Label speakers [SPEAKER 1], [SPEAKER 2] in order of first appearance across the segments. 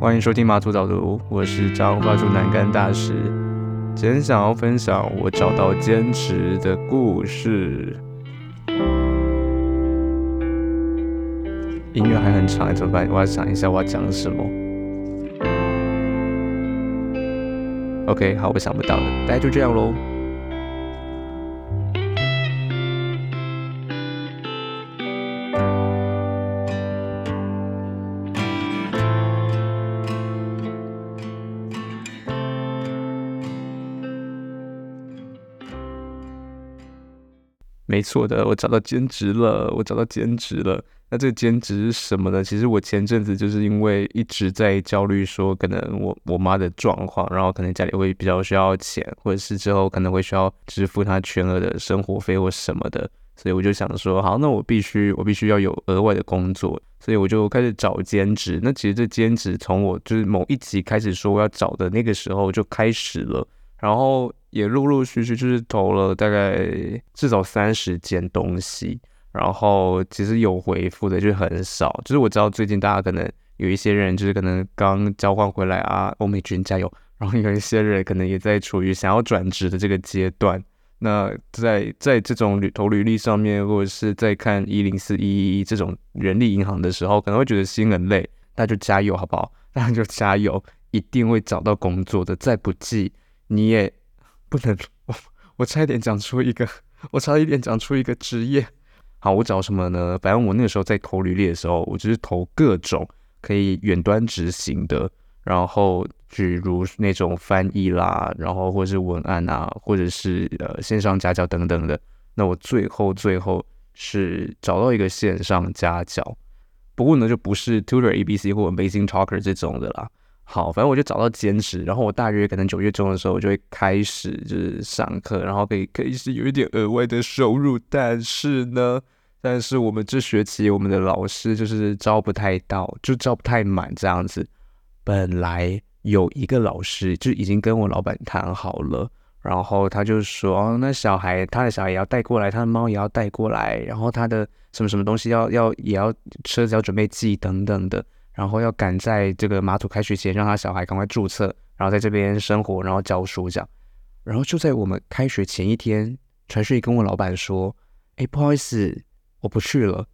[SPEAKER 1] 歡迎收聽馬祖早讀，我是張花竹南竿大使。今天想要分享我找到兼職的故事。音樂還很長，怎麼辦？我要想一下我要講什麼。OK，好，我想不到了，大家就這樣嘍。沒錯的，我找到兼職了，我找到兼職了。那這個兼職是什麼呢？其實我前陣子就是因為一直在焦慮，說可能我我媽的狀況，然後可能家裡會比較需要錢，或者是之後可能會需要支付她全額的生活費或什麼的，所以我就想說，好，那我必須，我必須要有額外的工作，所以我就開始找兼職。那其實這兼職從我就是某一集開始說我要找的那個時候就開始了，然後。也陸陸續續就是投了大概至少三十件東西，然後其實有回復的就是很少。就是我知道最近大家可能有一些人就是可能剛交換回來啊，歐美君加油！然後有一些人可能也在處於想要轉職的這個階段。那在在這種履投履歷上面，或者是在看一零四一一一這種人力銀行的時候，可能會覺得心很累。那就加油好不好？那就加油，一定會找到工作的。再不濟你也不能，我我差一點講出一個，我差一點講出一個職業。好，我找什麼呢？反正我那個時候在投履歷的時候，我就是投各種可以遠端執行的，然後比如那種翻譯啦，然後或者是文案啊，或者是呃線上家教等等的。那我最後最後是找到一個線上家教，不過呢，就不是 Tutor ABC 或 Amazing Talker 這種的啦。好，反正我就找到兼職，然後我大約可能九月中的時候，我就會開始就是上課，然後可以可以是有一點額外的收入，但是呢，但是我們這學期我們的老師就是招不太到，就招不太滿這樣子。本來有一個老師就已經跟我老闆談好了，然後他就說，那小孩他的小孩也要帶過來，他的貓也要帶過來，然後他的什麼什麼東西要要也要車子要準備寄等等的。然後要趕在這個馬祖開學前，讓他小孩趕快註冊，然後在這邊生活，然後教書這樣。然後就在我們開學前一天，傳訊怡跟我老闆說：“哎，不好意思，我不去了，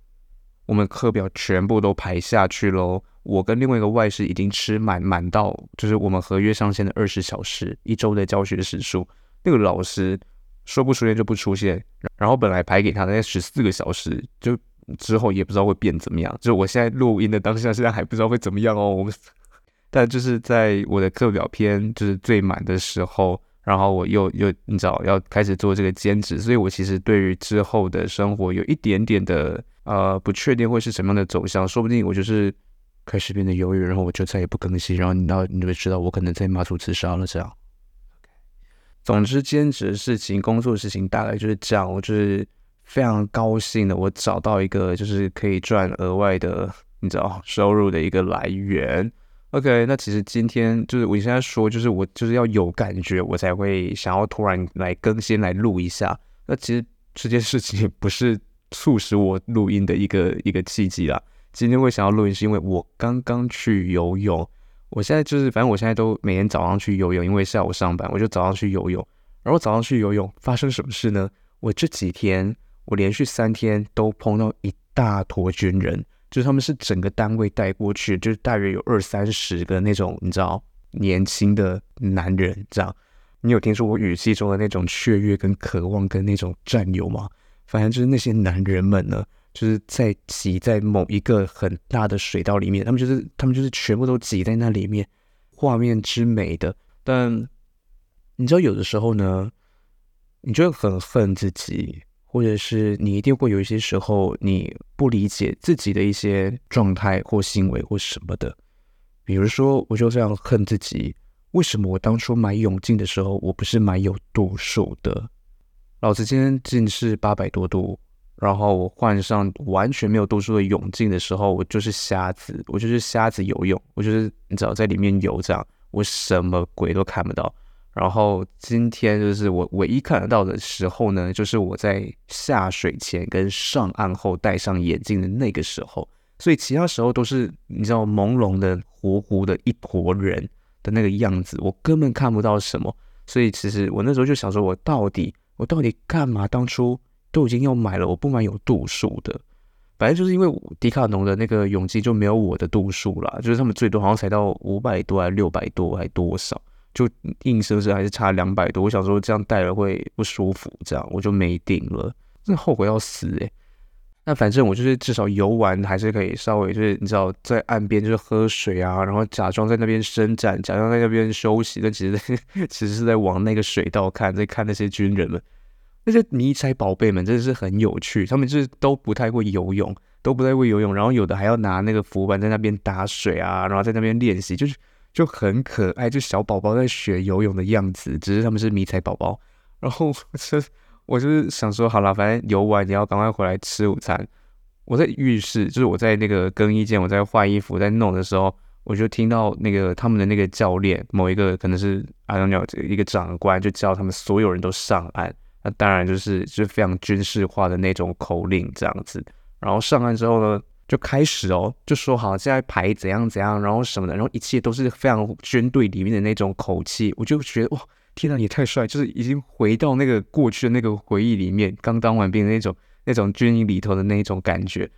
[SPEAKER 1] 我們課表全部都排下去嘍。我跟另外一個外師已經吃滿滿到，就是我們合約上限的二十小時一周的教學時數。那個老師說不出現就不出現，然後本來排給他的那十四個小時就。”之後也不知道會變怎麼樣，就是我現在錄音的當下，現在還不知道會怎麼樣哦。我 但就是在我的課表偏就是最滿的時候，然後我又又你知道要開始做這個兼職，所以我其實對於之後的生活有一點點的呃不確定會是什麼樣的走向，說不定我就是開始變得猶豫，然後我就再也不更新，然後然後你就會知道我可能在馬祖自殺了這樣。Okay. 總之兼職的事情、工作的事情大概就是這樣，我就是。非常高興的，我找到一個就是可以賺額外的，你知道收入的一個來源。OK，那其實今天就是我現在說，就是我就是要有感覺，我才會想要突然來更新來錄一下。那其實這件事情不是促使我錄音的一個一個契機啦。今天為什麼要錄音？是因為我剛剛去游泳。我現在就是反正我現在都每天早上去游泳，因為下午上班，我就早上去游泳。然後早上去游泳發生什麼事呢？我這幾天。我連續三天都碰到一大坨軍人，就是他們是整個單位帶過去，就是大約有二三十個那種，你知道年輕的男人這樣。你有聽說我語氣中的那種雀躍跟渴望跟那種戰友嗎？反正就是那些男人們呢，就是在擠在某一個很大的水道裡面，他們就是他們就是全部都擠在那裡面，畫面之美的。但你知道有的時候呢，你就會很恨自己。或者是你一定會有一些時候，你不理解自己的一些狀態或行為或什麼的，比如說，我就這樣恨自己，為什麼我當初買泳鏡的時候我不是買有度數的？老子今天近視八百多度，然後我換上完全沒有度數的泳鏡的時候，我就是瞎子，我就是瞎子游泳，我就是你只要在裡面游這樣，我什麼鬼都看不到。然後今天就是我唯一看得到的時候呢，就是我在下水前跟上岸後戴上眼鏡的那個時候，所以其他時候都是你知道朦朧的模糊的一坨人的那個樣子，我根本看不到什麼。所以其實我那時候就想說，我到底我到底幹嘛？當初都已經要買了，我不買有度數的，反正就是因為迪卡儂的那個泳鏡就沒有我的度數啦，就是他們最多好像才到五百多，還是六百多，還多少。就硬生生還是差兩百多，我想說這樣戴了會不舒服，這樣我就沒定了，真後悔要死誒、欸。那反正我就是至少游玩還是可以稍微就是你知道在岸邊就是喝水啊，然後假裝在那邊伸展，假裝在那邊休息，但其實其實是在往那個水道看，在看那些軍人們，那些迷彩寶貝們真的是很有趣，他們就是都不太會游泳，都不太會游泳，然後有的還要拿那個浮板在那邊打水啊，然後在那邊練習就是。就很可愛，就小寶寶在學游泳的樣子，只是他們是迷彩寶寶。然後這，我就是想說，好啦，反正游完你要趕快回來吃午餐。我在浴室，就是我在那個更衣間，我在換衣服在弄的時候，我就聽到那個他們的那個教練，某一個可能是 I don't know 一個長官，就叫他們所有人都上岸。那當然就是就是非常軍事化的那種口令這樣子。然後上岸之後呢？就開始哦，就說好，現在排怎樣怎樣，然後什麼的，然後一切都是非常軍隊裡面的那種口氣，我就覺得哇，天哪，你太帥，就是已經回到那個過去的那個回憶裡面，剛當完兵的那種那種軍營裡頭的那種感覺。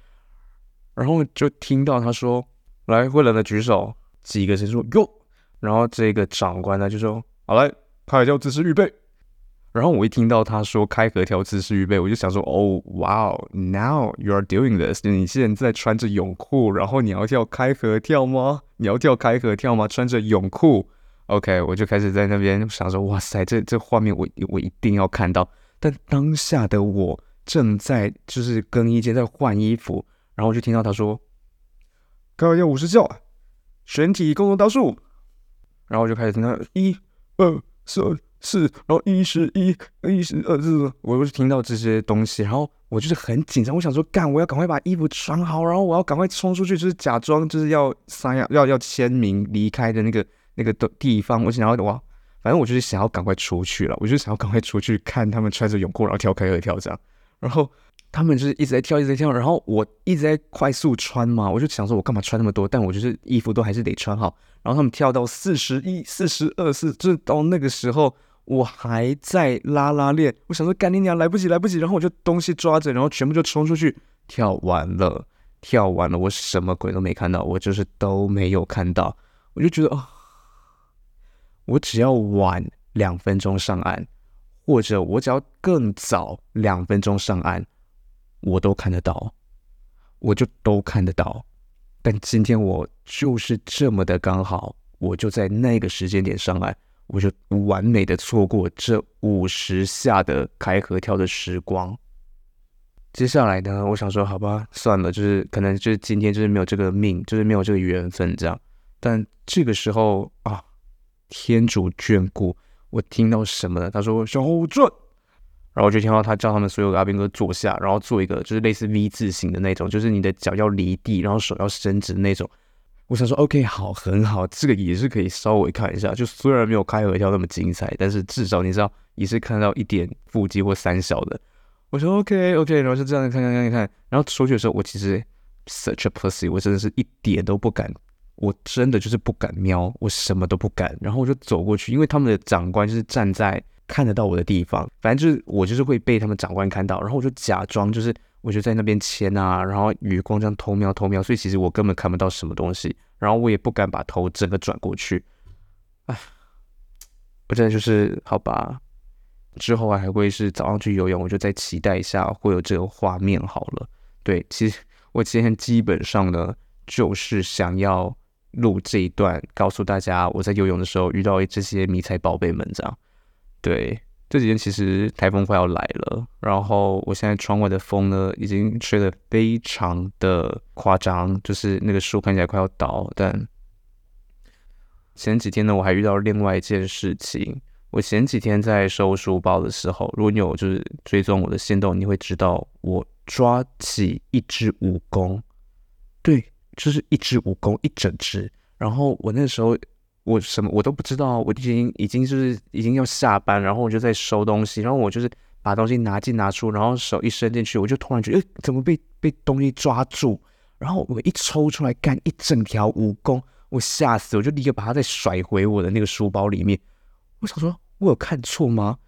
[SPEAKER 1] 然後就聽到他說：“來，會了的舉手，幾個是說喲。”然後這個長官呢就說：“好，來，拍一下姿勢預備。”然後我一聽到他說開合跳姿勢預備，我就想說哦，哇哦，Now you are doing this，你現在穿着泳褲，然後你要跳開合跳嗎？你要跳開合跳嗎？穿着泳褲，OK，我就開始在那邊想說，哇塞，這這畫面我我一定要看到。但當下的我正在就是更衣間在換衣服，然後我就聽到他說，高一五十叫，全體共同倒數，然後我就開始聽到一二。是是，然後一十一一十二，就是我就是聽到這些東西，然後我就是很緊張，我想說幹，我要趕快把衣服穿好，然後我要趕快衝出去，就是假裝就是要三亞要要簽名離開的那個那個的地方，我想，然後哇，反正我就是想要趕快出去了，我就想要趕快出去看他們穿着泳褲然後跳開合跳這樣。然後。他們就是一直在跳，一直在跳，然後我一直在快速穿嘛，我就想說，我幹嘛穿那麼多？但我就是衣服都還是得穿好。然後他們跳到四十一、四十二、四，就是到那個時候，我還在拉拉鏈。我想說，幹你娘，來不及，來不及！然後我就東西抓着，然後全部就衝出去，跳完了，跳完了，我什麼鬼都沒看到，我就是都沒有看到。我就覺得啊、哦，我只要晚兩分鐘上岸，或者我只要更早兩分鐘上岸。我都看得到，我就都看得到。但今天我就是這麼的剛好，我就在那個時間點上來，我就完美的錯過這五十下的開合跳的時光。接下來呢，我想說，好吧，算了，就是可能就是今天就是沒有這個命，就是沒有這個緣分這樣。但這個時候啊，天主眷顧，我聽到什麼呢？他說：“向後轉。”然後我就聽到他叫他們所有阿兵哥坐下，然後做一個就是類似 V 字形的那種，就是你的腳要離地，然後手要伸直那種。我想說 OK 好，很好，這個也是可以稍微看一下。就雖然沒有開合跳那麼精彩，但是至少你知道也是看到一點腹肌或三小的。我說 OK OK，然後就這樣看，看，看，看。然後出去的時候，我其實 such a pussy，我真的是一點都不敢，我真的就是不敢瞄，我什麼都不敢。然後我就走過去，因為他們的長官就是站在。看得到我的地方，反正就是我就是會被他們長官看到，然後我就假裝就是我就在那邊簽啊，然後餘光這樣偷瞄偷瞄，所以其實我根本看不到什麼東西，然後我也不敢把頭整個轉過去，唉，我真的就是好吧。之後還會是早上去游泳，我就再期待一下會有這個畫面好了。對，其實我今天基本上呢就是想要錄這一段，告訴大家我在游泳的時候遇到這些迷彩寶貝們這樣。對，這幾天其實台風快要來了，然後我現在窗外的風呢，已經吹得非常的誇張，就是那個樹看起來快要倒。但前幾天呢，我還遇到另外一件事情。我前幾天在收書包的時候，如果你有就是追蹤我的限動，你會知道我抓起一隻蜈蚣，對，就是一隻蜈蚣，一整隻。然後我那時候。我什麼我都不知道，我已經已經就是已經要下班，然後我就在收東西，然後我就是把東西拿進拿出，然後手一伸進去，我就突然覺得誒怎麼被被東西抓住，然後我一抽出來，幹一整條蜈蚣，我嚇死，我就立刻把它再甩回我的那個書包裡面。我想說，我有看錯嗎？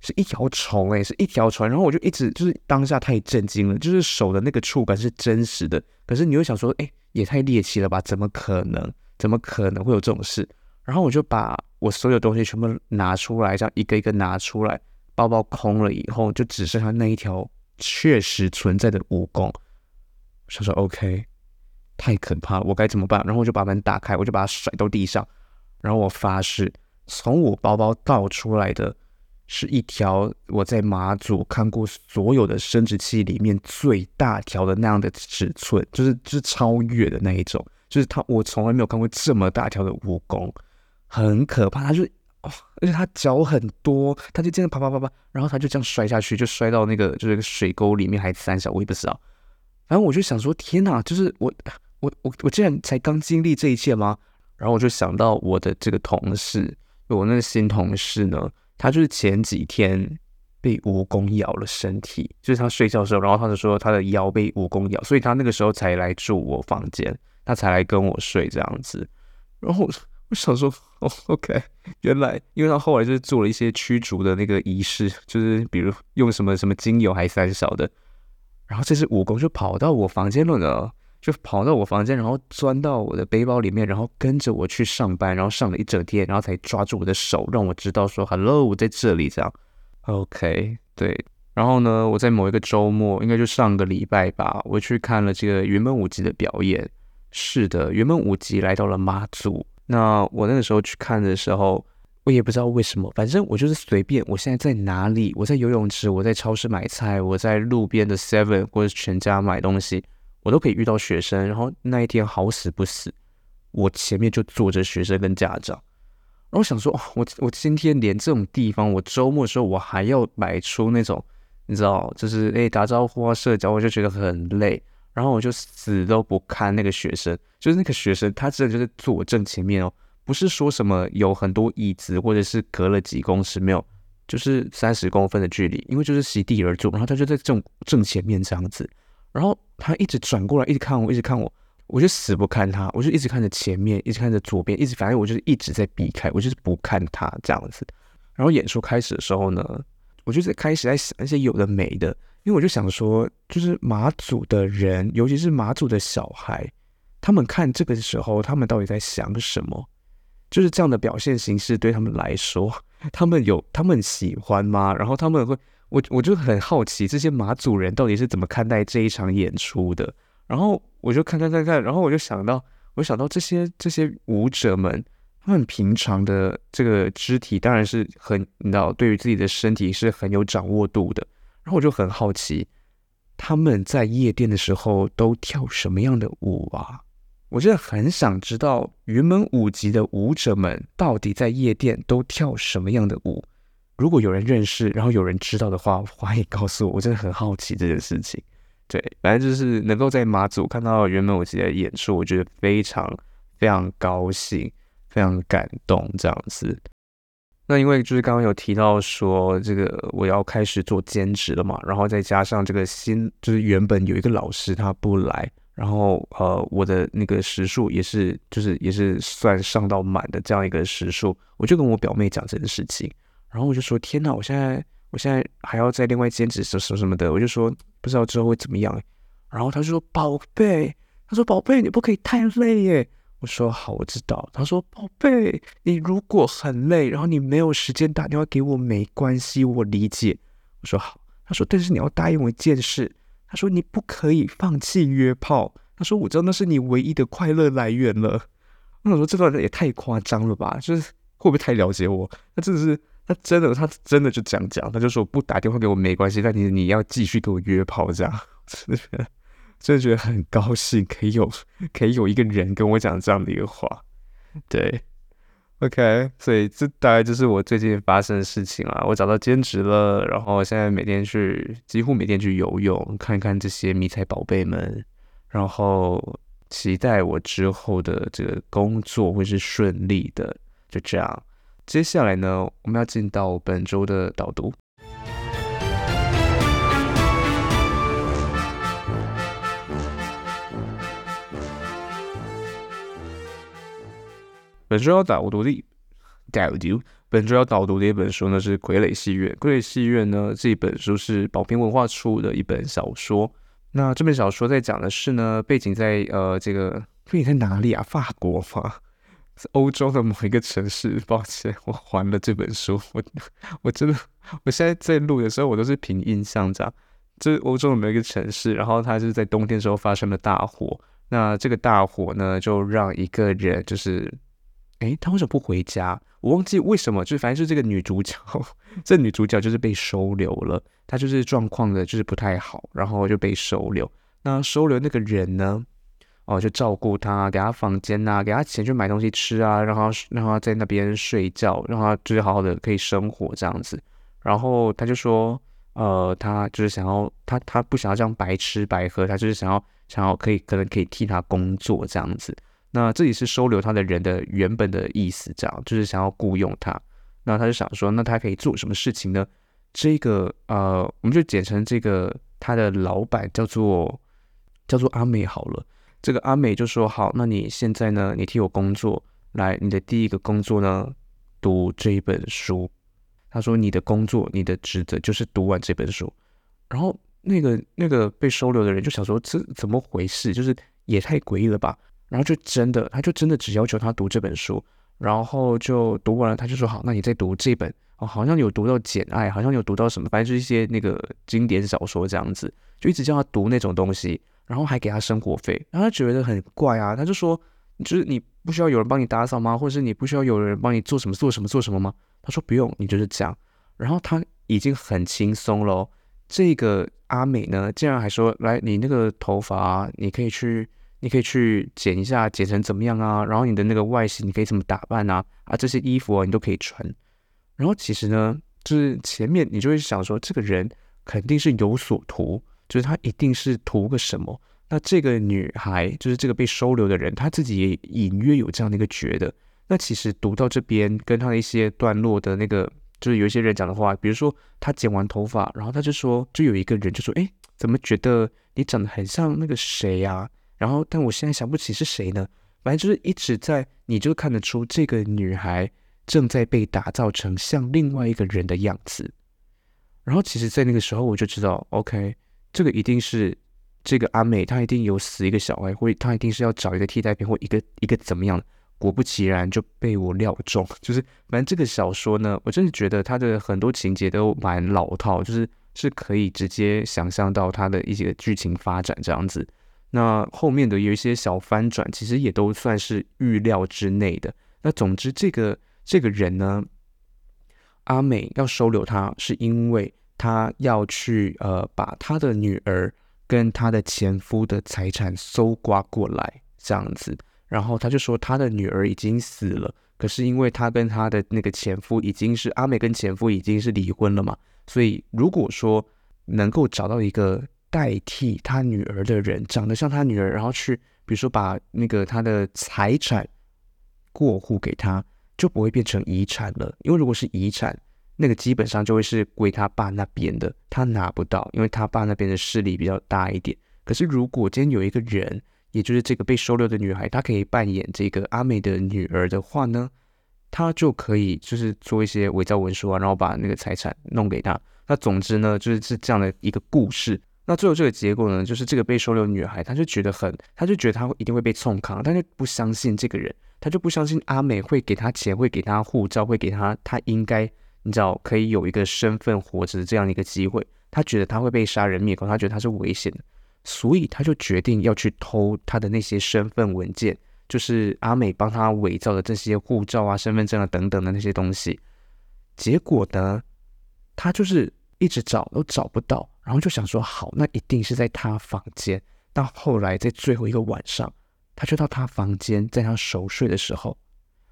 [SPEAKER 1] 是一條蟲誒，是一條船。然後我就一直就是當下太震驚了，就是手的那個觸感是真實的，可是你又想說，哎，也太獵奇了吧？怎麼可能？怎麼可能會有這種事？然後我就把我所有東西全部拿出來，這樣一個一個拿出來，包包空了以後，就只剩下那一條確實存在的蜈蚣。我想說，OK，太可怕了，我該怎麼辦？然後我就把門打開，我就把它甩到地上，然後我發誓，從我包包倒出來的是一條我在馬祖看過所有的生殖器裡面最大條的那樣的尺寸，就是就是超越的那一種。就是他，我從來沒有看過這麼大條的蜈蚣，很可怕。他就哦，而且他腳很多，他就這樣啪啪啪啪，然後他就這樣摔下去，就摔到那個就是那個水溝裡面還三小，我也不知道。反正我就想說，天哪，就是我我我我竟然才剛經歷這一切嗎？然後我就想到我的這個同事，我那個新同事呢，他就是前幾天被蜈蚣咬了身體，就是他睡覺的時候，然後他就說他的腰被蜈蚣咬，所以他那個時候才來住我房間。他才來跟我睡這樣子，然後我想說，oh，OK，哦，原來因為他後來就是做了一些驅逐的那個儀式，就是比如用什麼什麼精油還是很少的，然後這隻蜈蚣就跑到我房間了呢，就跑到我房間，然後鑽到我的背包裡面，然後跟着我去上班，然後上了一整天，然後才抓住我的手，讓我知道說，Hello，我在這裡這樣，OK，對，然後呢，我在某一個週末，應該就上個禮拜吧，我去看了這個雲門舞集的表演。是的，雲門舞集來到了馬祖。那我那個時候去看的時候，我也不知道為什麼，反正我就是隨便。我現在在哪裡？我在游泳池，我在超市買菜，我在路邊的 Seven 或者全家買東西，我都可以遇到學生。然後那一天好死不死，我前面就坐着學生跟家長。然後想說，我我今天連這種地方，我周末的時候我還要擺出那種，你知道，就是哎、欸、打招呼啊社交，我就覺得很累。然後我就死都不看那個學生，就是那個學生，他真的就是坐我正前面哦，不是說什麼有很多椅子，或者是隔了幾公尺沒有，就是三十公分的距離，因為就是席地而坐。然後他就在這種正前面這樣子，然後他一直轉過來一直看我，一直看我，我就死不看他，我就一直看着前面，一直看着左邊，一直反正我就是一直在避開，我就是不看他這樣子。然後演出開始的時候呢，我就是在開始在想那些有的沒的。因為我就想說，就是馬祖的人，尤其是馬祖的小孩，他們看這個時候，他們到底在想什麼？就是這樣的表現形式對他們來說，他們有，他們喜歡嗎？然後他們會，我我就很好奇這些馬祖人到底是怎麼看待這一場演出的。然後我就看看看看，然後我就想到，我想到這些這些舞者們，他們平常的這個肢體當然是很，你知道，對於自己的身體是很有掌握度的。然後我就很好奇，他們在夜店的時候都跳什麼樣的舞啊？我真的很想知道雲門舞集的舞者們到底在夜店都跳什麼樣的舞。如果有人認識，然後有人知道的話，歡迎告訴我。我真的很好奇這件事情。對，反正就是能夠在馬祖看到雲門舞集的演出，我覺得非常非常高興，非常感動這樣子。那因為就是剛剛有提到說這個我要開始做兼職了嘛，然後再加上這個新，就是原本有一個老師他不來，然後呃我的那個時數也是就是也是算上到滿的這樣一個時數，我就跟我表妹講這件事情，然後我就說，天哪，我現在我現在還要再另外兼職什麼什麼的，我就說不知道之後會怎麼樣，然後他就說，寶貝，他說寶貝你不可以太累耶。我說好，我知道。他說寶貝，你如果很累，然後你沒有時間打電話給我沒關係，我理解。我說好。他說但是你要答應我一件事。他說你不可以放棄約炮。他說我知道那是你唯一的快樂來源了。我想說這段也太誇張了吧？就是會不會太了解我？他真的是他真的他真的就這樣講，他就說不打電話給我沒關係，但你你要繼續給我約炮這樣。 真的覺得很高興，可以有可以有一個人跟我講這樣的一個話，對，OK，所以這大概就是我最近發生的事情啊，我找到兼職了，然後現在每天去，幾乎每天去游泳，看看這些迷彩寶貝們，然後期待我之後的這個工作會是順利的，就這樣。接下來呢，我們要進到本周的島讀。本週要導讀的，讀本週要導讀的一本書呢，是《傀儡戲院》。《傀儡戲院》呢，這本書是寶瓶文化出的一本小說。那這本小說在講的是呢，背景在呃，這個背景在哪裡啊？法國嗎？是歐洲的某一個城市。抱歉，我還了這本書。我我真的，我現在在錄的時候，我都是憑印象講。這就是歐洲的某一個城市，然後它是在冬天的時候發生了大火。那這個大火呢，就讓一個人就是。誒，他為什麼不回家？我忘記為什麼，就是、反正是這個女主角，這女主角就是被收留了，她就是狀況的就是不太好，然後就被收留。那收留那個人呢？哦，就照顧她，給她房間啊，給她錢去買東西吃啊，然後，然後在那邊睡覺，讓她就是好好的可以生活這樣子。然後他就說，呃，他就是想要，他他不想要這樣白吃白喝，他就是想要想要可以可能可以替他工作這樣子。那這裡是收留他的人的原本的意思，這樣就是想要雇傭他。那他就想說，那他可以做什麼事情呢？這個呃，我們就簡稱這個他的老闆叫做叫做阿美好了。這個阿美就說好，那你現在呢？你替我工作，來，你的第一個工作呢，讀這一本書。他說你的工作，你的職責就是讀完這本書。然後那個那個被收留的人就想說，這怎麼回事？就是也太詭異了吧。然後就真的，他就真的只要求他讀這本書，然後就讀完了，他就說好，那你再讀這本哦，好像有讀到《簡愛》，好像有讀到什麼，反正就一些那個經典小說這樣子，就一直叫他讀那種東西，然後還給他生活費，然後他覺得很怪啊，他就說，就是你不需要有人幫你打掃嗎？或者是你不需要有人幫你做什麼做什麼做什麼嗎？他說不用，你就是這樣。然後他已經很輕鬆了。這個阿美呢，竟然還說，來，你那個頭髮啊，你可以去。你可以去剪一下，剪成怎麼樣啊？然後你的那個外形，你可以怎麼打扮啊？啊，這些衣服啊，你都可以穿。然後其實呢，就是前面你就會想說，這個人肯定是有所圖，就是他一定是圖個什麼。那這個女孩，就是這個被收留的人，她自己也隱約有這樣的一個覺得。那其實讀到這邊，跟她的一些段落的那個，就是有一些人講的話，比如說她剪完頭髮，然後她就說，就有一個人就說，哎，怎麼覺得你長得很像那個誰呀、啊？然後，但我現在想不起是誰呢。反正就是一直在，你就看得出這個女孩正在被打造成像另外一個人的樣子。然後，其實，在那個時候，我就知道，OK，這個一定是這個阿美，她一定有死一個小孩，或者她一定是要找一個替代品，或一個一個怎麼樣。果不其然，就被我料中。就是，反正這個小說呢，我真的覺得它的很多情節都蠻老套，就是是可以直接想象到它的一些劇情發展這樣子。那後面的有一些小翻轉，其實也都算是預料之內的。那總之，這個這個人呢，阿美要收留他，是因為他要去呃把他的女兒跟他的前夫的財產搜刮過來這樣子。然後他就說他的女兒已經死了，可是因為他跟他的那個前夫已經是阿美跟前夫已經是離婚了嘛，所以如果說能夠找到一個。代替他女兒的人長得像他女兒，然後去，比如說把那個他的財產過戶給他，就不會變成遺產了。因為如果是遺產，那個基本上就會是歸他爸那邊的，他拿不到，因為他爸那邊的勢力比較大一點。可是如果今天有一個人，也就是這個被收留的女孩，她可以扮演這個阿美的女兒的話呢，她就可以就是做一些偽造文書啊，然後把那個財產弄給他。那總之呢，就是是這樣的一個故事。那最後這個結果呢，就是這個被收留的女孩，她就覺得很，她就覺得她一定會被衝康，但她就不相信這個人，她就不相信阿美會給她錢，會給她護照，會給她她應該你知道可以有一個身份活着的這樣一個機會。她覺得她會被殺人滅口，她覺得她是危險的，所以她就決定要去偷她的那些身份文件，就是阿美幫她偽造的這些護照啊、身份證啊等等的那些東西。結果呢，她就是。一直找都找不到，然後就想說好，那一定是在他房間。到後來在最後一個晚上，他就到他房間，在他熟睡的時候，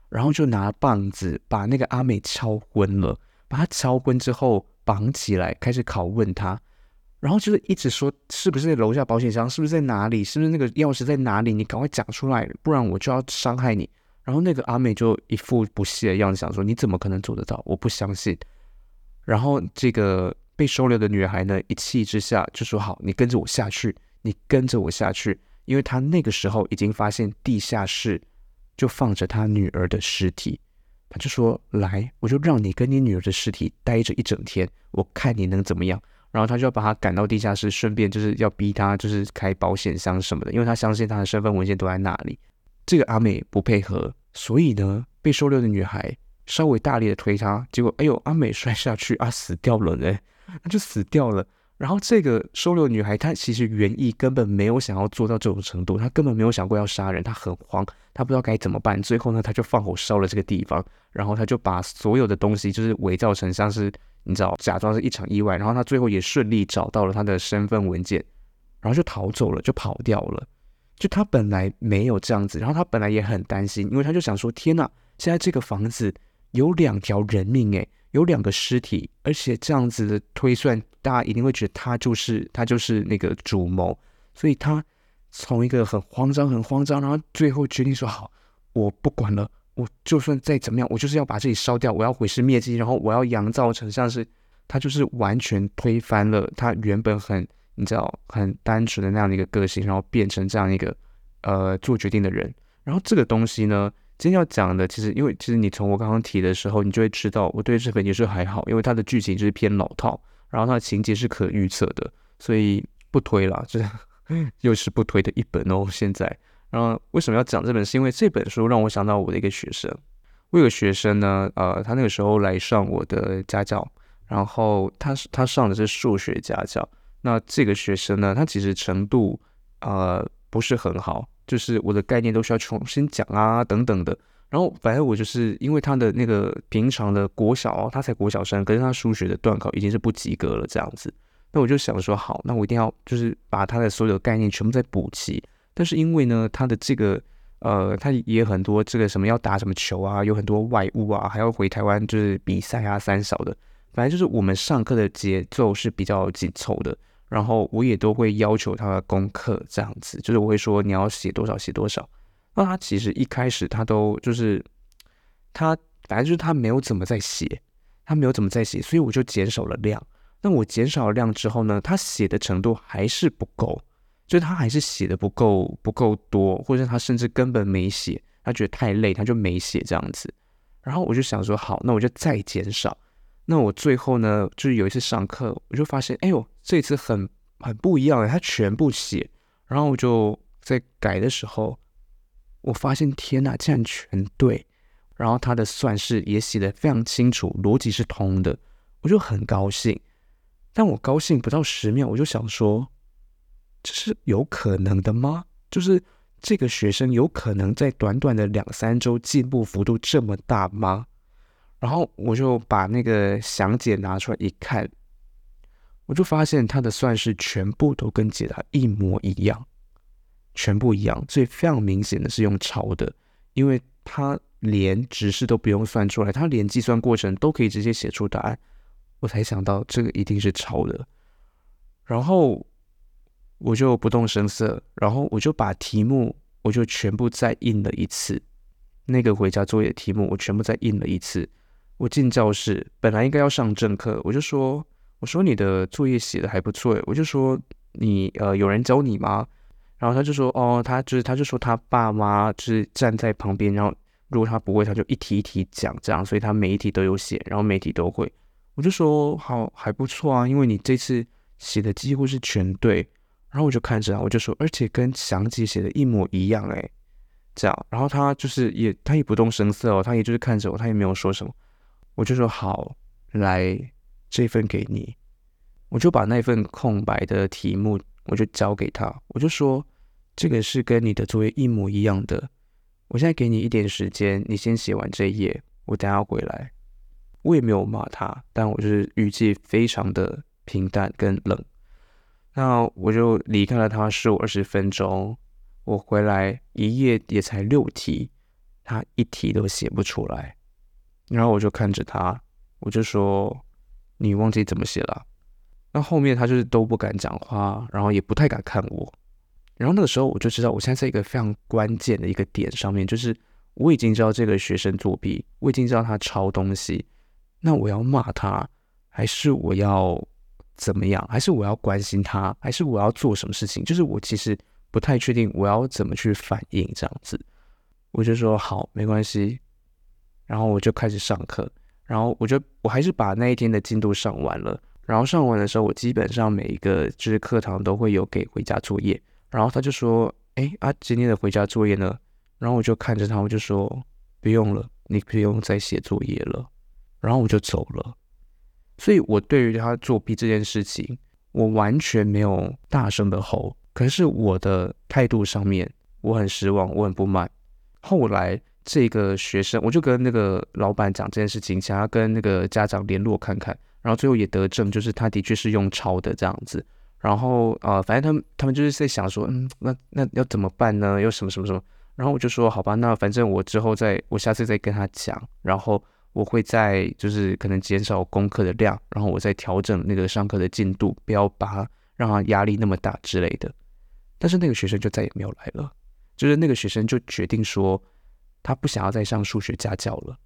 [SPEAKER 1] 然後就拿棒子把那個阿美敲昏了，把他敲昏之後綁起來，開始拷問他，然後就是一直說是不是在樓下保險箱，是不是在哪裡，是不是那個鑰匙在哪裡，你趕快講出來，不然我就要傷害你。然後那個阿美就一副不屑的樣子，想說你怎麼可能做得到，我不相信。然後這個被收留的女孩呢，一氣之下就說：“好，你跟着我下去，你跟着我下去。”因為她那個時候已經發現地下室就放着她女兒的屍體，她就說：“來，我就讓你跟你女兒的屍體待着一整天，我看你能怎麼樣。”然後她就要把她趕到地下室，順便就是要逼她就是開保險箱什麼的，因為她相信她的身份文件都在那裡。這個阿美不配合，所以呢，被收留的女孩。稍微大力的推他，結果哎呦，阿美摔下去啊，死掉了哎，那就死掉了。然後這個收留女孩，她其實原意根本沒有想要做到這種程度，她根本沒有想過要殺人，她很慌，她不知道該怎麼辦。最後呢，她就放火燒了這個地方，然後她就把所有的東西就是偽造成像是你知道，假裝是一場意外。然後她最後也順利找到了她的身份文件，然後就逃走了，就跑掉了。就她本來沒有這樣子，然後她本來也很擔心，因為她就想說，天吶，現在這個房子。有兩條人命，誒，有兩個屍體，而且這樣子的推算，大家一定會覺得他就是他就是那個主謀，所以他從一個很慌張，很慌張，然後最後決定說好，我不管了，我就算再怎麼樣，我就是要把自己燒掉，我要毀屍滅跡，然後我要營造成像是他就是完全推翻了他原本很你知道很單純的那樣的一個個性，然後變成這樣一個呃做決定的人，然後這個東西呢？今天要講的，其實因為其實你從我剛剛提的時候，你就會知道我對這本也是還好，因為它的劇情就是偏老套，然後它的情節是可預測的，所以不推了，就是又是不推的一本哦。現在，然後為什麼要講這本？是因為這本書讓我想到我的一個學生，我有個學生呢，呃，他那個時候來上我的家教，然後他是他上的是數學家教，那這個學生呢，他其實程度呃不是很好。就是我的概念都需要重新講啊，等等的。然後，反正我就是因為他的那個平常的國小啊，他才國小三，可是他數學的段考已經是不及格了這樣子。那我就想說，好，那我一定要就是把他的所有概念全部再補齊。但是因為呢，他的這個呃，他也很多這個什麼要打什麼球啊，有很多外務啊，還要回台灣就是比賽啊、三小的。本來就是我們上課的節奏是比較緊湊的。然後我也都會要求他的功課這樣子，就是我會說你要寫多少寫多少。那他其實一開始他都就是他反正就是他沒有怎麼在寫，他沒有怎麼在寫，所以我就減少了量。那我減少了量之後呢，他寫的程度還是不夠，就是他還是寫的不夠不夠多，或者是他甚至根本沒寫，他覺得太累，他就沒寫這樣子。然後我就想說好，那我就再減少。那我最後呢，就是有一次上課，我就發現，哎呦。這次很很不一樣耶，他全部寫，然後我就在改的時候，我發現天哪，竟然全對，然後他的算式也寫得非常清楚，邏輯是通的，我就很高興。但我高興不到十秒，我就想說，這是有可能的嗎？就是這個學生有可能在短短的兩三週進步幅度這麼大嗎？然後我就把那個詳解拿出來一看。我就發現他的算式全部都跟解答一模一樣，全部一樣，所以非常明顯的是用抄的，因為他連直式都不用算出來，他連計算過程都可以直接寫出答案，我才想到這個一定是抄的。然後我就不動聲色，然後我就把題目我就全部再印了一次，那個回家作業題目我全部再印了一次。我進教室，本來應該要上正課，我就說。我說你的作業寫的還不錯，哎，我就說你呃，有人教你嗎？然後他就說，哦，他就是，他就說他爸媽就是站在旁邊，然後如果他不會，他就一題一題講這樣，所以他每一題都有寫，然後每題都會。我就說好，還不錯啊，因為你這次寫的幾乎是全對。然後我就看着他，我就說，而且跟詳解寫的一模一樣，哎，這樣。然後他就是也，他也不動聲色哦，他也就是看着我，他也沒有說什麼。我就說好，來。這份給你，我就把那份空白的題目，我就交給他。我就說，這個是跟你的作業一模一樣的。我現在給你一點時間，你先寫完這一頁。我等下要回來。我也沒有罵他，但我就是語氣非常的平淡跟冷。那我就離開了他十五二十分鐘。我回來，一頁也才六題，他一題都寫不出來。然後我就看着他，我就說。你忘記怎麼寫了啊？那後面他就是都不敢講話，然後也不太敢看我，然後那個時候我就知道，我現在在一個非常關鍵的一個點上面，就是我已經知道這個學生作弊，我已經知道他抄東西，那我要罵他，還是我要怎麼樣，還是我要關心他，還是我要做什麼事情？就是我其實不太確定我要怎麼去反應這樣子，我就說好，沒關係，然後我就開始上課。然後我就我還是把那一天的進度上完了。然後上完的時候，我基本上每一個就是課堂都會有給回家作業。然後他就說：“哎啊，今天的回家作業呢？”然後我就看着他，我就說：“不用了，你不用再寫作業了。”然後我就走了。所以，我對於他作弊這件事情，我完全沒有大聲的吼。可是我的態度上面，我很失望，我很不滿。後來。這個學生，我就跟那個老闆講這件事情，想要跟那個家長聯絡看看，然後最後也得證，就是他的確是用抄的這樣子。然後啊、呃，反正他們他們就是在想說，嗯，那那要怎麼辦呢？又什麼什麼什麼？然後我就說，好吧，那反正我之後再，我下次再跟他講，然後我會再就是可能減少功課的量，然後我再調整那個上課的進度，不要把讓他壓力那麼大之類的。但是那個學生就再也沒有來了，就是那個學生就決定說。他不想要再上數學家教了，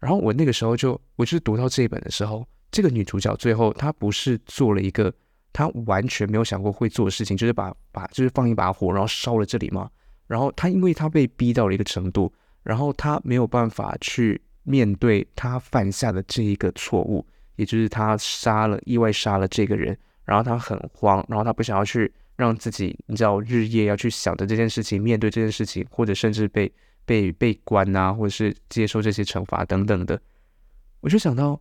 [SPEAKER 1] 然後我那個時候就，我就是讀到這一本的時候，這個女主角最後她不是做了一個她完全沒有想過會做的事情，就是把把就是放一把火，然後燒了這裡嘛。然後她因為她被逼到了一個程度，然後她沒有辦法去面對她犯下的這一個錯誤，也就是她殺了意外殺了這個人，然後她很慌，然後她不想要去讓自己你知道日夜要去想着這件事情，面對這件事情，或者甚至被。被被關啊，或者是接受這些懲罰等等的，我就想到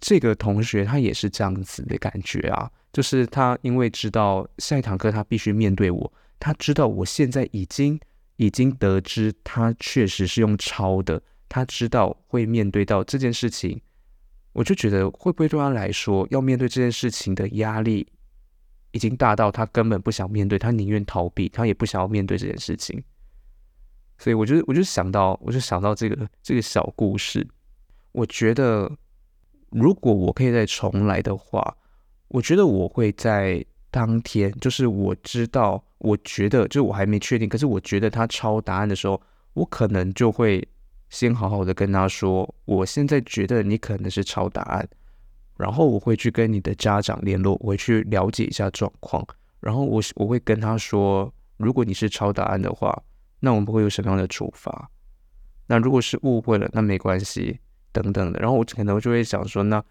[SPEAKER 1] 這個同學，他也是這樣子的感覺啊。就是他因為知道下一堂課他必須面對我，他知道我現在已經已經得知他確實是用抄的，他知道會面對到這件事情，我就覺得會不會對他來說，要面對這件事情的壓力已經大到他根本不想面對，他寧願逃避，他也不想要面對這件事情。所以，我就我就想到，我就想到這個這個小故事。我覺得，如果我可以再重來的話，我覺得我會在當天，就是我知道，我覺得，就我還沒確定，可是我覺得他抄答案的時候，我可能就會先好好的跟他說，我現在覺得你可能是抄答案，然後我會去跟你的家長聯絡，我會去了解一下狀況，然後我我會跟他說，如果你是抄答案的話。那我們不會有什麼樣的處罰？那如果是誤會了，那沒關係，等等的。然後我可能就會想說，那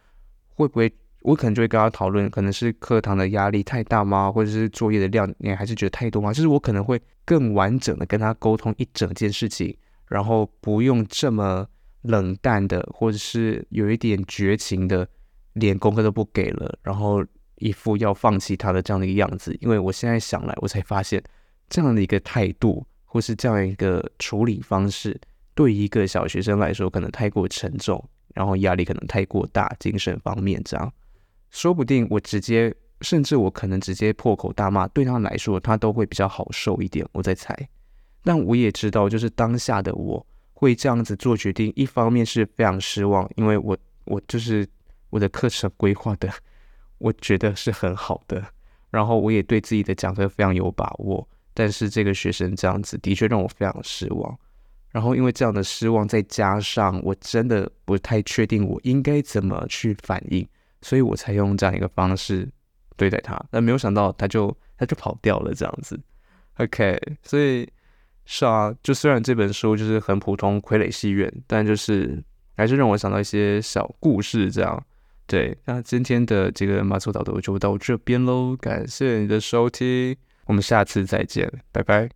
[SPEAKER 1] 會不會我可能就會跟他討論，可能是課堂的壓力太大嗎？或者是作業的量，你還是覺得太多嗎？就是我可能會更完整的跟他溝通一整件事情，然後不用這麼冷淡的，或者是有一點絕情的，連功課都不給了，然後一副要放棄他的這樣的一個樣子。因為我現在想來，我才發現這樣的一個態度，或是這樣一個處理方式，對一個小學生來說可能太過沉重，然後壓力可能太過大，精神方面這樣，說不定我直接，甚至我可能直接破口大罵，對他來說他都會比較好受一點，我在猜。但我也知道，就是當下的我會這樣子做決定，一方面是非常失望，因為我我就是我的課程規劃的，我覺得是很好的，然後我也對自己的講課非常有把握。但是這個學生這樣子的確讓我非常失望，然後因為這樣的失望，再加上我真的不太確定我應該怎麼去反應，所以我才用這樣一個方式對待他。但沒有想到他就他就跑掉了這樣子。OK，所以是啊，就雖然這本書就是很普通，傀儡戲院，但就是還是讓我想到一些小故事這樣。對，那今天的這個馬祖導讀就到這邊嘍，感謝你的收聽。我們下次再見，拜拜。